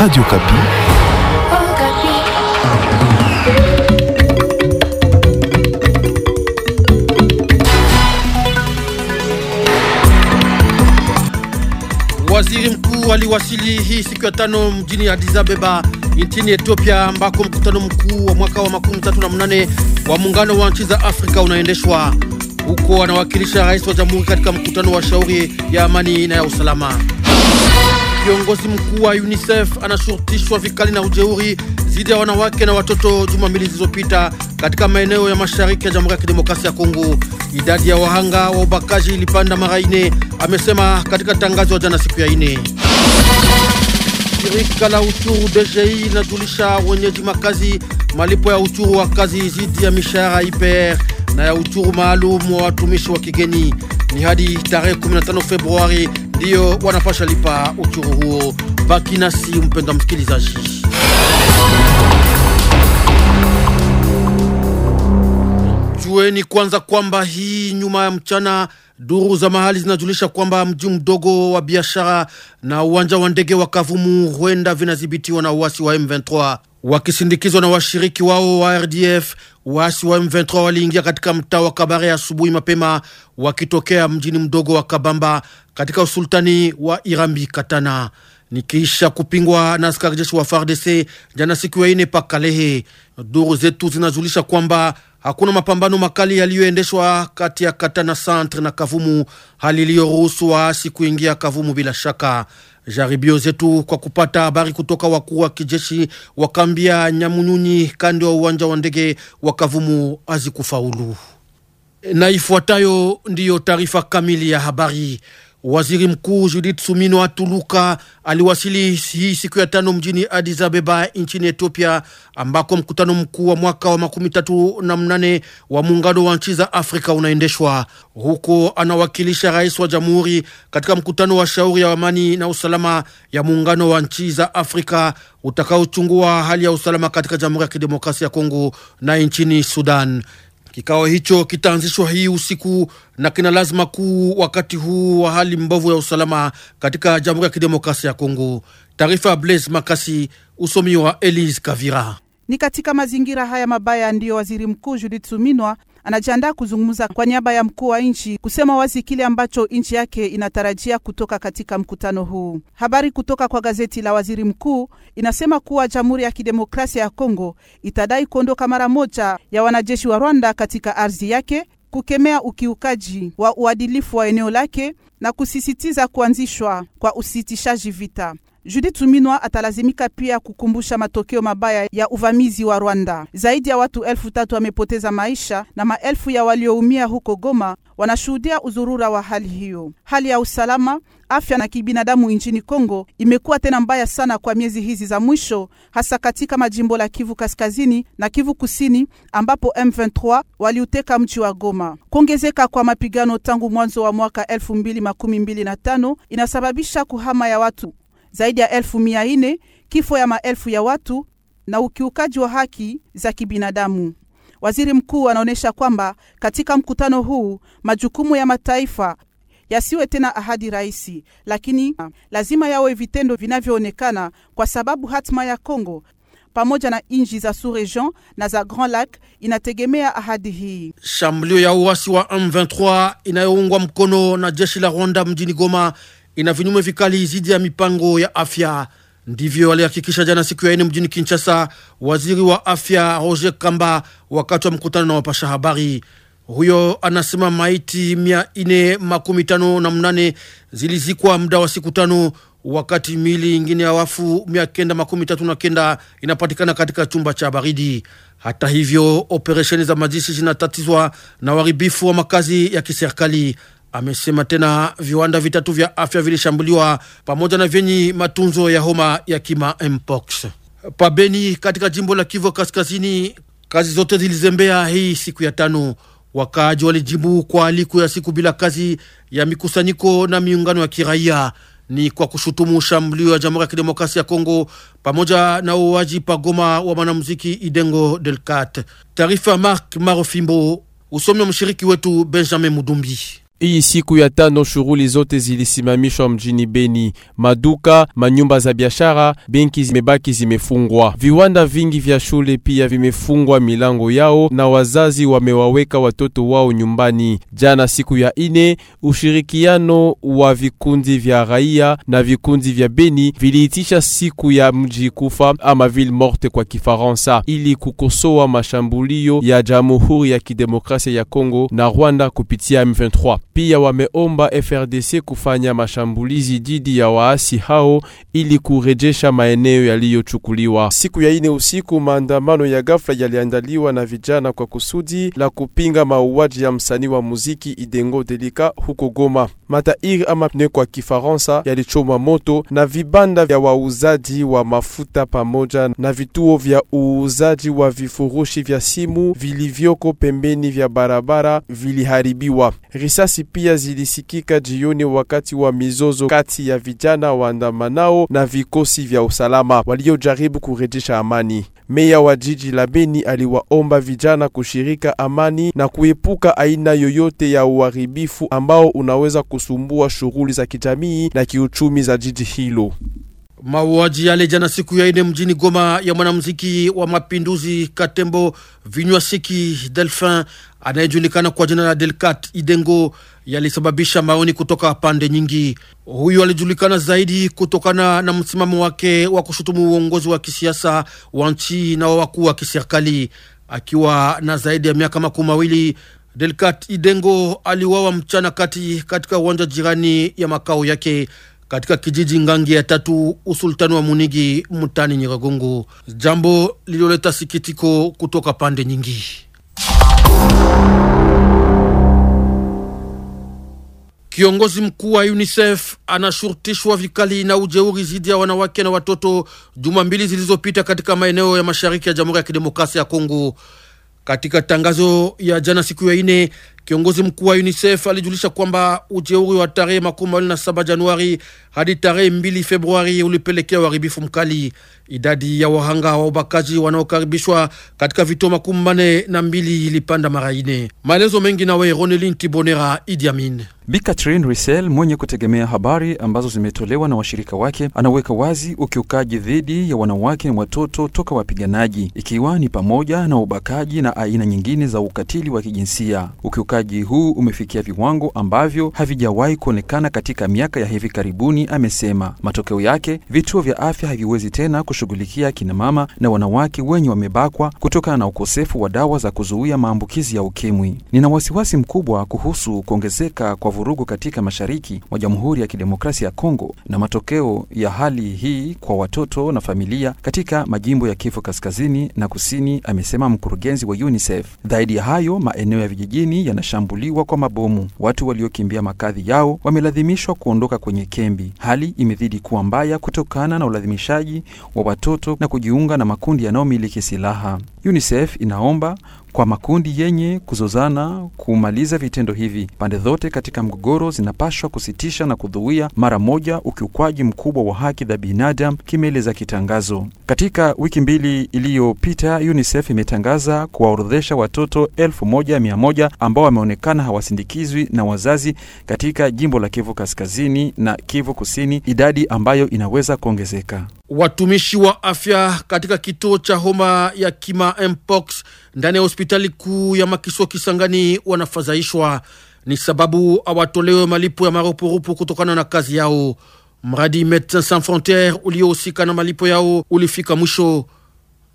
Radio Kapi. Waziri mkuu aliwasili hii siku ya tano mjini Addis Ababa nchini Ethiopia ambako mkutano mkuu wa mwaka wa makumi tatu na mnane wa muungano wa nchi za Afrika unaendeshwa. Huko anawakilisha rais wa jamhuri katika mkutano wa shauri ya amani na ya usalama. Kiongozi mkuu wa UNICEF anashurutishwa vikali na ujeuri dhidi ya wanawake na watoto juma mbili zilizopita katika maeneo ya mashariki ya Jamhuri ya Kidemokrasia ya Kongo. Idadi ya wahanga wa ubakaji ilipanda mara ine, amesema katika tangazo la jana siku ya ine. Shirika la uchuru DGI linajulisha wenyeji makazi malipo ya uchuru wa kazi zidi ya mishahara IPR na ya uchuru maalum wa watumishi wa kigeni ni hadi tarehe 15 Februari ndiyo wanapasha lipa uchuru huo. Baki nasi mpendwa msikilizaji. Jueni kwanza kwamba hii nyuma ya mchana duru za mahali zinajulisha kwamba mji mdogo wa biashara na uwanja wa ndege wa Kavumu huenda vinadhibitiwa na uasi wa M23 wakisindikizwa na washiriki wao wa RDF. Waasi wa M23 waliingia katika mtaa wa Kabare asubuhi mapema, wakitokea mjini mdogo wa Kabamba katika usultani wa Irambi Katana, nikiisha kupingwa na askari jeshi wa FARDC jana siku ya ine pa Kalehe. Duru zetu zinazulisha kwamba hakuna mapambano makali yaliyoendeshwa kati ya Katana centre na Kavumu, hali iliyoruhusu waasi kuingia Kavumu bila shaka Jaribio zetu kwa kupata habari kutoka wakuu wa kijeshi wa kambi ya Nyamunyunyi kando ya uwanja wa ndege wa Kavumu hazikufaulu. Na ifuatayo ndiyo taarifa kamili ya habari. Waziri Mkuu Judith Suminwa Atuluka aliwasili hii siku ya tano mjini Addis Abeba nchini Ethiopia, ambako mkutano mkuu wa mwaka wa makumi tatu na mnane wa muungano wa nchi za Afrika unaendeshwa. Huko anawakilisha rais wa jamhuri katika mkutano wa shauri ya amani na usalama ya muungano wa nchi za Afrika utakaochungua hali ya usalama katika Jamhuri ya Kidemokrasia ya Kongo na nchini Sudan. Kikao hicho kitaanzishwa hii usiku na kina lazima kuu wakati huu wa hali mbovu ya usalama katika Jamhuri ya Kidemokrasia ya Kongo. Taarifa ya Blaise Makasi, usomi wa Elise Kavira. Ni katika mazingira haya mabaya ndiyo waziri mkuu Judith Suminwa anajiandaa kuzungumza kwa niaba ya mkuu wa nchi kusema wazi kile ambacho nchi yake inatarajia kutoka katika mkutano huu. Habari kutoka kwa gazeti la waziri mkuu inasema kuwa Jamhuri ya Kidemokrasia ya Kongo itadai kuondoka mara moja ya wanajeshi wa Rwanda katika ardhi yake, kukemea ukiukaji wa uadilifu wa eneo lake na kusisitiza kuanzishwa kwa usitishaji vita. Judith Suminwa atalazimika pia kukumbusha matokeo mabaya ya uvamizi wa Rwanda. Zaidi ya watu elfu tatu wamepoteza maisha na maelfu ya walioumia huko Goma wanashuhudia uzurura wa hali hiyo. Hali ya usalama, afya na kibinadamu nchini Kongo imekuwa tena mbaya sana kwa miezi hizi za mwisho, hasa katika majimbo la Kivu Kaskazini na Kivu Kusini ambapo M23 waliuteka mji wa Goma. Kuongezeka kwa mapigano tangu mwanzo wa mwaka 2025 inasababisha kuhama ya watu zaidi ya elfu mia nne kifo ya maelfu ya watu na ukiukaji wa haki za kibinadamu. Waziri mkuu anaonyesha kwamba katika mkutano huu majukumu ya mataifa yasiwe tena ahadi rahisi, lakini lazima yawe vitendo vinavyoonekana, kwa sababu hatima ya Kongo pamoja na nchi za sous-region na za Grand Lac inategemea ahadi hii. Shambulio ya uasi wa M23 inayoungwa mkono na jeshi la Rwanda mjini Goma ina vinyume vikali dhidi ya mipango ya afya. Ndivyo alihakikisha jana siku ya ine mjini Kinshasa waziri wa afya Roger Kamba wakati wa mkutano na wapasha habari. Huyo anasema maiti mia ine makumi tano na mnane zilizikwa muda wa siku tano, wakati mili ingine ya wafu mia kenda makumi tatu na kenda inapatikana katika chumba cha baridi. Hata hivyo, operesheni za mazishi zinatatizwa na uharibifu wa makazi ya kiserikali. Amesema tena viwanda vitatu vya afya vilishambuliwa pamoja na vyenye matunzo ya homa ya kima mpox pabeni katika jimbo la Kivu Kaskazini. Kazi zote zilizembea hii siku ya tano. Wakaaji walijibu kwa aliku ya siku bila kazi ya mikusanyiko na miungano ya kiraia ni kwa kushutumu shambulio ya Jamhuri ya Kidemokrasia ya Kongo pamoja na uwaji pagoma wa mwanamuziki Idengo Delcat. Taarifa Mark Marofimbo, usomi wa mshiriki wetu Benjamin Mudumbi. Hii siku ya tano shughuli zote zilisimamishwa mjini Beni. Maduka, manyumba za biashara, benki zimebaki zimefungwa. Viwanda vingi vya shule pia vimefungwa milango yao na wazazi wamewaweka watoto wao nyumbani. Jana siku ya ine, ushirikiano wa vikundi vya raia na vikundi vya Beni viliitisha siku ya mji kufa ama ville morte kwa Kifaransa, ili kukosoa mashambulio ya Jamhuri ya Kidemokrasia ya Kongo na Rwanda kupitia M23 pia wameomba FRDC kufanya mashambulizi dhidi ya waasi hao ili kurejesha maeneo yaliyochukuliwa. Siku ya ine usiku, maandamano ya ghafla yaliandaliwa na vijana kwa kusudi la kupinga mauaji ya msanii wa muziki Idengo Delika huko Goma. Matairi ama pne kwa Kifaransa yalichoma moto na vibanda vya wauzaji wa mafuta pamoja na vituo vya uuzaji wa vifurushi vya simu vilivyoko pembeni vya barabara viliharibiwa. Risasi pia zilisikika jioni wakati wa mizozo kati ya vijana waandamanao na vikosi vya usalama waliojaribu kurejesha amani. Meya wa jiji la Beni aliwaomba vijana kushirika amani na kuepuka aina yoyote ya uharibifu ambao unaweza kusumbua shughuli za kijamii na kiuchumi za jiji hilo. Mauaji yale jana siku ya ine mjini Goma ya mwanamuziki wa mapinduzi Katembo Vinywasiki Delfin anayejulikana kwa jina la Delcat Idengo yalisababisha maoni kutoka pande nyingi. Huyu alijulikana zaidi kutokana na msimamo wake wa kushutumu uongozi wa kisiasa wa nchi na wa wakuu wa kiserikali. Akiwa na zaidi ya miaka makumi mawili, Delcat Idengo aliwawa mchana kati katika uwanja jirani ya makao yake katika kijiji Ngangi ya tatu usultani wa Munigi mtani Nyiragongo, jambo lililoleta sikitiko kutoka pande nyingi. Kiongozi mkuu wa UNICEF anashurutishwa vikali na ujeuri dhidi ya wanawake na watoto juma mbili zilizopita katika maeneo ya mashariki ya Jamhuri ya Kidemokrasia ya Kongo. Katika tangazo ya jana siku ya ine, kiongozi mkuu wa UNICEF alijulisha kwamba ujeuri wa tarehe makumi mawili na saba Januari hadi tarehe mbili Februari ulipelekea uharibifu mkali. Idadi ya wahanga wa ubakaji wanaokaribishwa katika vituo makumi mane na mbili ilipanda mara ine. Maelezo mengi nawe Ronelin Tibonera Idi Amin. Bi Catherine Russell mwenye kutegemea habari ambazo zimetolewa na washirika wake anaweka wazi ukiukaji dhidi ya wanawake na watoto toka wapiganaji, ikiwa ni pamoja na ubakaji na aina nyingine za ukatili wa kijinsia. Ukiukaji huu umefikia viwango ambavyo havijawahi kuonekana katika miaka ya hivi karibuni amesema matokeo yake vituo vya afya haviwezi tena kushughulikia kinamama na wanawake wenye wamebakwa kutokana na ukosefu wa dawa za kuzuia maambukizi ya ukimwi. Nina wasiwasi mkubwa kuhusu kuongezeka kwa vurugu katika mashariki mwa Jamhuri ya Kidemokrasia ya Kongo na matokeo ya hali hii kwa watoto na familia katika majimbo ya Kivu kaskazini na kusini, amesema mkurugenzi wa UNICEF. Zaidi ya hayo, maeneo ya vijijini yanashambuliwa kwa mabomu. Watu waliokimbia makazi yao wamelazimishwa kuondoka kwenye kembi. Hali imezidi kuwa mbaya kutokana na ulazimishaji wa watoto na kujiunga na makundi yanayomiliki silaha. UNICEF inaomba kwa makundi yenye kuzozana kumaliza vitendo hivi. Pande zote katika mgogoro zinapashwa kusitisha na kudhuia mara moja ukiukwaji mkubwa wa haki za binadamu, kimeeleza kitangazo. Katika wiki mbili iliyopita, UNICEF imetangaza kuwaorodhesha watoto elfu moja mia moja ambao wameonekana hawasindikizwi na wazazi katika jimbo la Kivu Kaskazini na Kivu Kusini, idadi ambayo inaweza kuongezeka. Watumishi wa afya katika kituo cha homa ya kima mpox ndani ya hospitali kuu ya Makiswa Kisangani wanafadhaishwa, ni sababu hawatolewe malipo ya marupurupu kutokana na kazi yao. Mradi Medecins Sans Frontieres uliohusika na malipo yao ulifika mwisho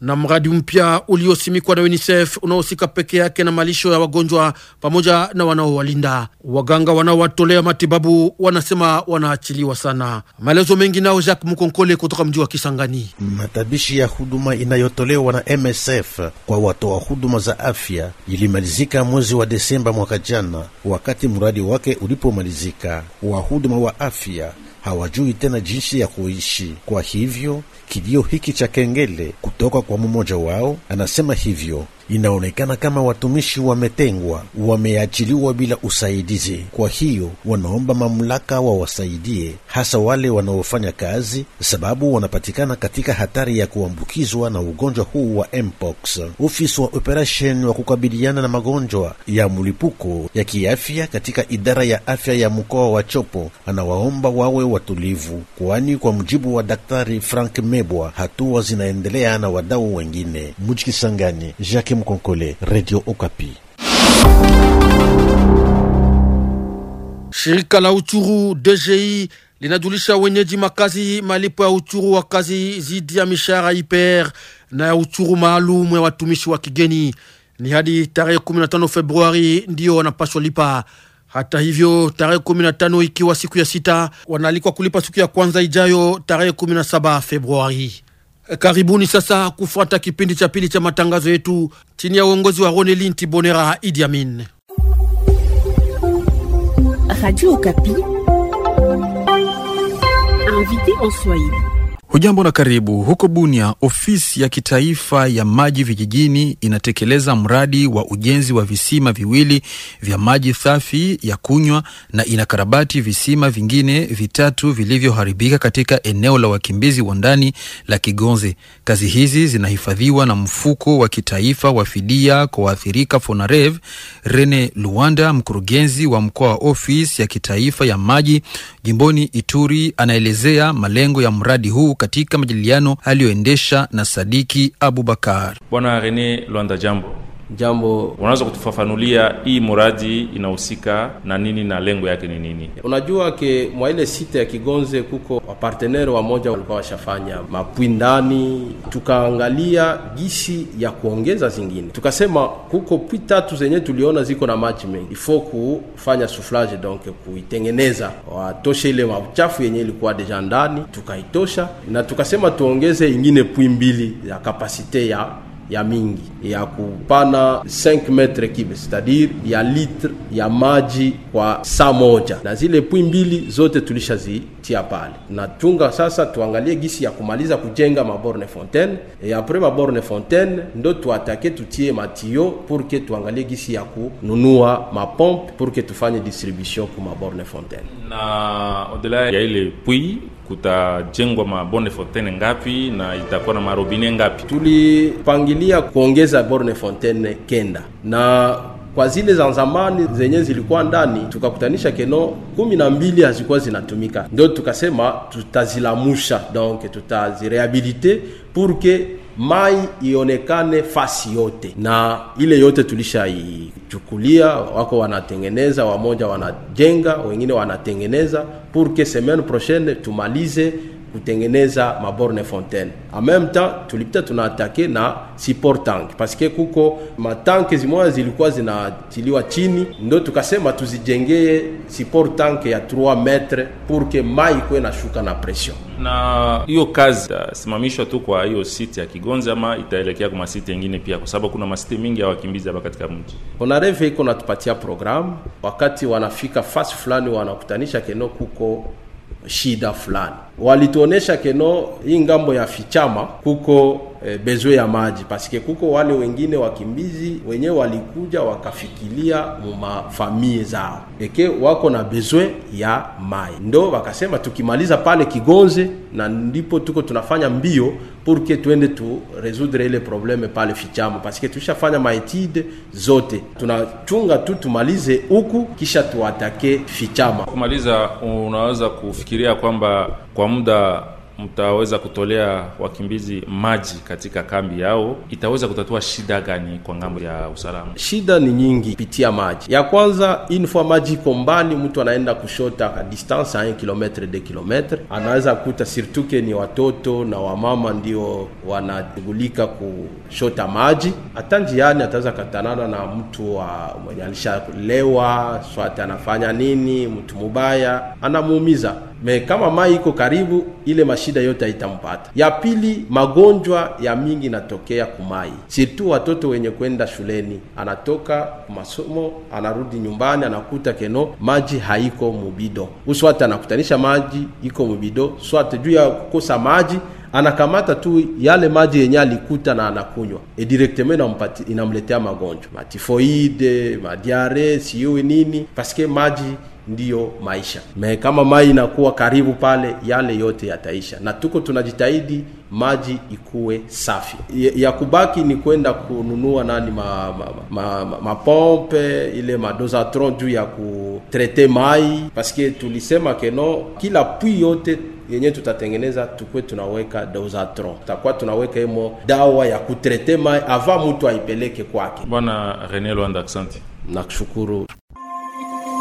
na mradi mpya uliosimikwa na UNICEF unaohusika peke yake na malisho ya wagonjwa pamoja na wanaowalinda. Waganga wanaowatolea matibabu wanasema wanaachiliwa sana. Maelezo mengi nao Jacques Mukonkole kutoka mji wa Kisangani. Matabishi ya huduma inayotolewa na MSF kwa watoa wa huduma za afya ilimalizika mwezi wa Desemba mwaka jana, wakati mradi wake ulipomalizika, wahuduma wa afya hawajui tena jinsi ya kuishi. Kwa hivyo kilio hiki cha kengele kutoka kwa mmoja wao anasema hivyo Inaonekana kama watumishi wametengwa, wameachiliwa bila usaidizi. Kwa hiyo wanaomba mamlaka wawasaidie, hasa wale wanaofanya kazi, sababu wanapatikana katika hatari ya kuambukizwa na ugonjwa huu wa mpox. Ofisi wa operation wa kukabiliana na magonjwa ya mlipuko ya kiafya katika idara ya afya ya mkoa wa Chopo anawaomba wawe watulivu, kwani kwa mujibu wa Daktari Frank Mebwa hatua zinaendelea na wadau wengine mji Jacques Hakim Konkole, Radio Okapi. Shirika la uchuru DGI linajulisha wenyeji makazi malipo ya uchuru wa kazi zidi ya mishahara IPR na ya uchuru maalum ya watumishi wa kigeni ni hadi tarehe 15 Februari ndiyo wanapaswa lipa. Hata hivyo tarehe 15 ikiwa siku ya sita, wanaalikwa kulipa siku ya kwanza ijayo tarehe 17 Februari. Eh, karibuni sasa kufuata kipindi cha pili cha matangazo yetu chini ya uongozi wa Ronelin Tibonera Idi Amin. Radio Okapi, invité en Swahili. Hujambo na karibu. Huko Bunia, ofisi ya kitaifa ya maji vijijini inatekeleza mradi wa ujenzi wa visima viwili vya maji safi ya kunywa na inakarabati visima vingine vitatu vilivyoharibika katika eneo la wakimbizi wa ndani la Kigonze. Kazi hizi zinahifadhiwa na mfuko wa kitaifa wa fidia kwa waathirika FONAREV. Rene Luanda, mkurugenzi wa mkoa wa ofisi ya kitaifa ya maji jimboni Ituri, anaelezea malengo ya mradi huu katika majadiliano aliyoendesha na Sadiki Abubakar. Bwana Rene Lwanda, jambo jambo unaweza kutufafanulia hii muradi inahusika na nini na lengo yake ni nini? Unajua ke mwa ile site ya Kigonze kuko wapartenere moja walikuwa washafanya mapwi ndani, tukaangalia gisi ya kuongeza zingine, tukasema kuko pwi tatu zenye tuliona ziko na maji mengi, ifo kufanya soufflage, donc kuitengeneza, watoshe ile mauchafu yenye ilikuwa deja ndani, tukaitosha na tukasema tuongeze ingine pwi mbili ya kapasite ya ya mingi ya kupana 5 metre kibe cest ya litre ya maji kwa saa moja, na zile pui mbili zote tulishazitia pale. Natunga sasa, tuangalie gisi ya kumaliza kujenga maborne fontaine e apres maborne fontaine ndo tuatake tutie matio purke tuangalie gisi ya kununua mapompe purke tufanye distribution ku maborne fontaine na odela ya ile pwi kutajengwa maborne fontaine ngapi na itakuwa na marobine ngapi? Tulipangilia kuongeza borne fontaine kenda na kwa zile za zamani zenye zilikuwa ndani tukakutanisha keno kumi na mbili hazikuwa zinatumika, ndio tukasema tutazilamusha, donc tutazirehabilite pour que mai ionekane fasi yote, na ile yote tulishaichukulia. Wako wanatengeneza, wamoja wanajenga, wengine wanatengeneza, pour que semaine prochaine tumalize kutengeneza maborne fontaine. En même temps tulipita tunaatake na support tank paske kuko matanke zimoya zilikuwa zinatiliwa chini, ndo tukasema tuzijengee support tank ya 3 metre pour que mai ikuwe nashuka na pression. Na hiyo kazi itasimamishwa tu kwa hiyo site ya Kigonza ama itaelekea kwa masite yengine pia, kwa sababu kuna masite mingi ya wakimbizi hapa katika mji. Konareve iko natupatia programe wakati wanafika fasi fulani wanakutanisha keno kuko shida fulani walituonesha keno hii ngambo ya Fichama kuko e, eh, bezwe ya maji paske kuko wale wengine wakimbizi wenyewe walikuja wakafikilia mumafamie zao eke wako na bezwe ya mai, ndo wakasema tukimaliza pale Kigonze na ndipo tuko tunafanya mbio purke tuende tu ile probleme pale Fichama paske tuishafanya maetide zote, tunachunga tu tumalize huku kisha tuatake Fichama. Kumaliza, unaweza kufikiria kwamba kwa muda mtaweza kutolea wakimbizi maji katika kambi yao, itaweza kutatua shida gani kwa ngambo ya usalama? Shida ni nyingi kupitia maji. Ya kwanza, infoa maji iko mbali, mtu anaenda kushota ka distance ya kilometre de kilometre, anaweza kuta sirtuke ni watoto na wamama ndio wanashughulika kushota maji. Hata njiani ataweza katanana na mtu wa mwenye alishalewa, swati anafanya nini, mtu mubaya anamuumiza me kama mai iko karibu, ile mashida yote haitampata. Ya pili, magonjwa ya mingi natokea kumai, sirtu watoto wenye kwenda shuleni, anatoka masomo anarudi nyumbani, anakuta keno maji haiko mubido, uswati anakutanisha maji iko mubido, swati juu ya kukosa maji anakamata tu yale maji yenye alikuta na anakunywa e directement inamletea magonjwa matifoide madiare siyo nini paske maji ndiyo maisha. Me kama mai inakuwa karibu pale, yale yote yataisha, na tuko tunajitahidi maji ikuwe safi. Ya kubaki ni kwenda kununua nani mapompe ma, ma, ma, ma ile madosatron juu ya kutrete mai, paske tulisema keno kila pwi yote yenye tutatengeneza tukwe tunaweka dosatron, tutakuwa tunaweka emo dawa ya kutrete mai ava mutu aipeleke kwake. Bwana Rene Lwanda, asante. Nakushukuru.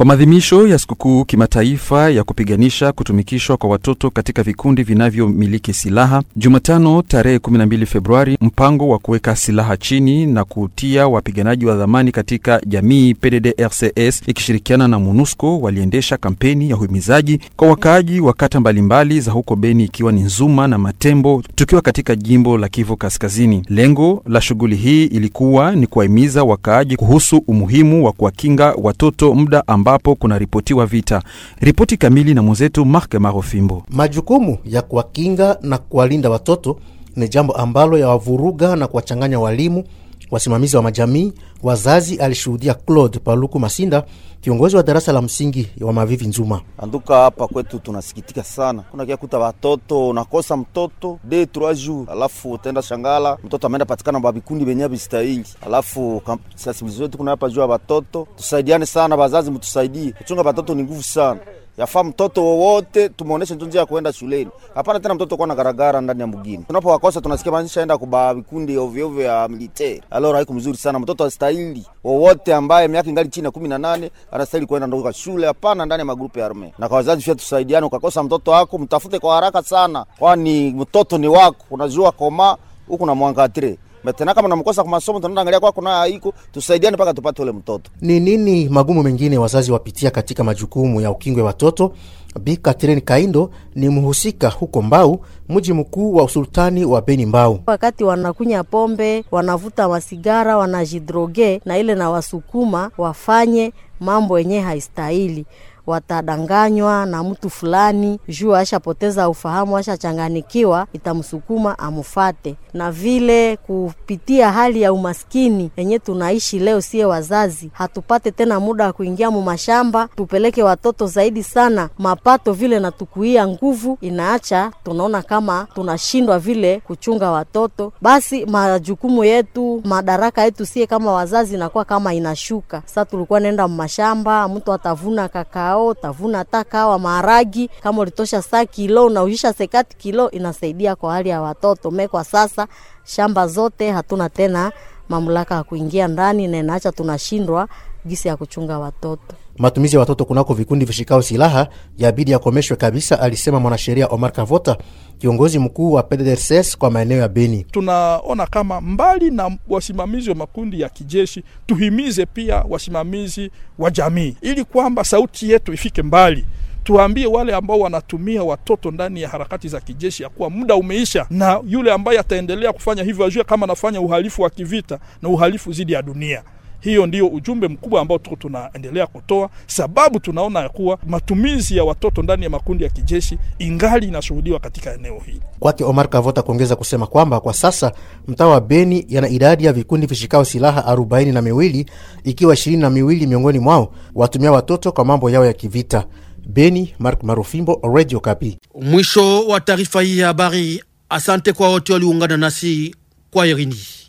Kwa maadhimisho ya sikukuu kimataifa ya kupiganisha kutumikishwa kwa watoto katika vikundi vinavyomiliki silaha, Jumatano tarehe 12 Februari, mpango wa kuweka silaha chini na kutia wapiganaji wa dhamani katika jamii PDDRCS ikishirikiana na munusco waliendesha kampeni ya uhimizaji kwa wakaaji wa kata mbalimbali za huko Beni, ikiwa ni Nzuma na Matembo, tukiwa katika jimbo la Kivu Kaskazini. Lengo la shughuli hii ilikuwa ni kuwahimiza wakaaji kuhusu umuhimu wa kuwakinga watoto muda amba ambapo kunaripotiwa vita. Ripoti kamili na mwenzetu Mark Marofimbo. Majukumu ya kuwakinga na kuwalinda watoto ni jambo ambalo yawavuruga na kuwachanganya walimu wasimamizi wa majamii, wazazi, alishuhudia Claude Paluku Masinda, kiongozi wa darasa la msingi wa Mavivi Nzuma. Anduka hapa kwetu tunasikitika sana, kuna kia kuta watoto unakosa mtoto de trois jours, alafu utaenda shangala mtoto ameenda patikana ba vikundi venye vistahili. Alafu sensibilizetu kuna hapa jua ya watoto, tusaidiane sana, wazazi mtusaidie, kuchunga watoto ni nguvu sana. Yafaa mtoto wowote tumuoneshe tu njia ya kuenda shuleni. Hapana tena mtoto kuwa na garagara ndani ya mgini. Tunapowakosa tunasikia maanisha enda kuba vikundi ovyo ovyo ya militeri. Alora haiko mzuri sana. Mtoto astahili wowote ambaye miaka ingali chini ya kumi na nane anastahili kuenda ndoko kwa shule, hapana ndani ya magrupu ya army. Na kwa wazazi pia tusaidiane, ukakosa mtoto wako mtafute kwa haraka sana, kwani mtoto ni wako, unajua koma huku na mwanga Metena kama namkosa kwa masomo angalia kwako na iko tusaidiane mpaka tupate ule mtoto. Ni nini magumu mengine wazazi wapitia katika majukumu ya ukingwe watoto? Bi Catherine Kaindo ni mhusika huko Mbau, mji mkuu wa usultani wa Beni Mbau. Wakati wanakunya pombe, wanavuta masigara, wanajidroge na ile na wasukuma wafanye mambo yenye haistahili watadanganywa na mtu fulani juu ashapoteza ufahamu, ashachanganikiwa, itamsukuma amufate. Na vile kupitia hali ya umaskini yenye tunaishi leo, siye wazazi hatupate tena muda wa kuingia mu mashamba tupeleke watoto zaidi sana mapato, vile na tukuia nguvu inaacha, tunaona kama tunashindwa vile kuchunga watoto. Basi majukumu yetu, madaraka yetu sie kama wazazi inakuwa kama inashuka. Sasa tulikuwa nenda mu mashamba, mtu atavuna kakao yao, utavuna hata kawa maharagi kama ulitosha saa kilo, unauzisha sekati kilo, inasaidia kwa hali ya watoto me. Kwa sasa shamba zote hatuna tena mamlaka ya kuingia ndani na inaacha tunashindwa gisi ya kuchunga watoto. Matumizi ya watoto kunako vikundi vishikao silaha yabidi yakomeshwe kabisa, alisema mwanasheria Omar Kavota, kiongozi mkuu wa PDDRCS kwa maeneo ya Beni. Tunaona kama mbali na wasimamizi wa makundi ya kijeshi, tuhimize pia wasimamizi wa jamii, ili kwamba sauti yetu ifike mbali tuambie wale ambao wanatumia watoto ndani ya harakati za kijeshi ya kuwa muda umeisha, na yule ambaye ataendelea kufanya hivyo ajue kama anafanya uhalifu wa kivita na uhalifu dhidi ya dunia. Hiyo ndio ujumbe mkubwa ambao tuko tunaendelea kutoa, sababu tunaona ya kuwa matumizi ya watoto ndani ya makundi ya kijeshi ingali inashuhudiwa katika eneo hili. Kwake Omar Kavota kuongeza kusema kwamba kwa sasa mtaa wa Beni yana idadi ya vikundi vishikao silaha arobaini na miwili ikiwa ishirini na miwili miongoni mwao watumia watoto kwa mambo yao ya kivita. Beni, Mark Marufimbo, Radio Kapi. Mwisho wa taarifa hii ya habari. Asante kwa wote waliungana nasi kwa Irini.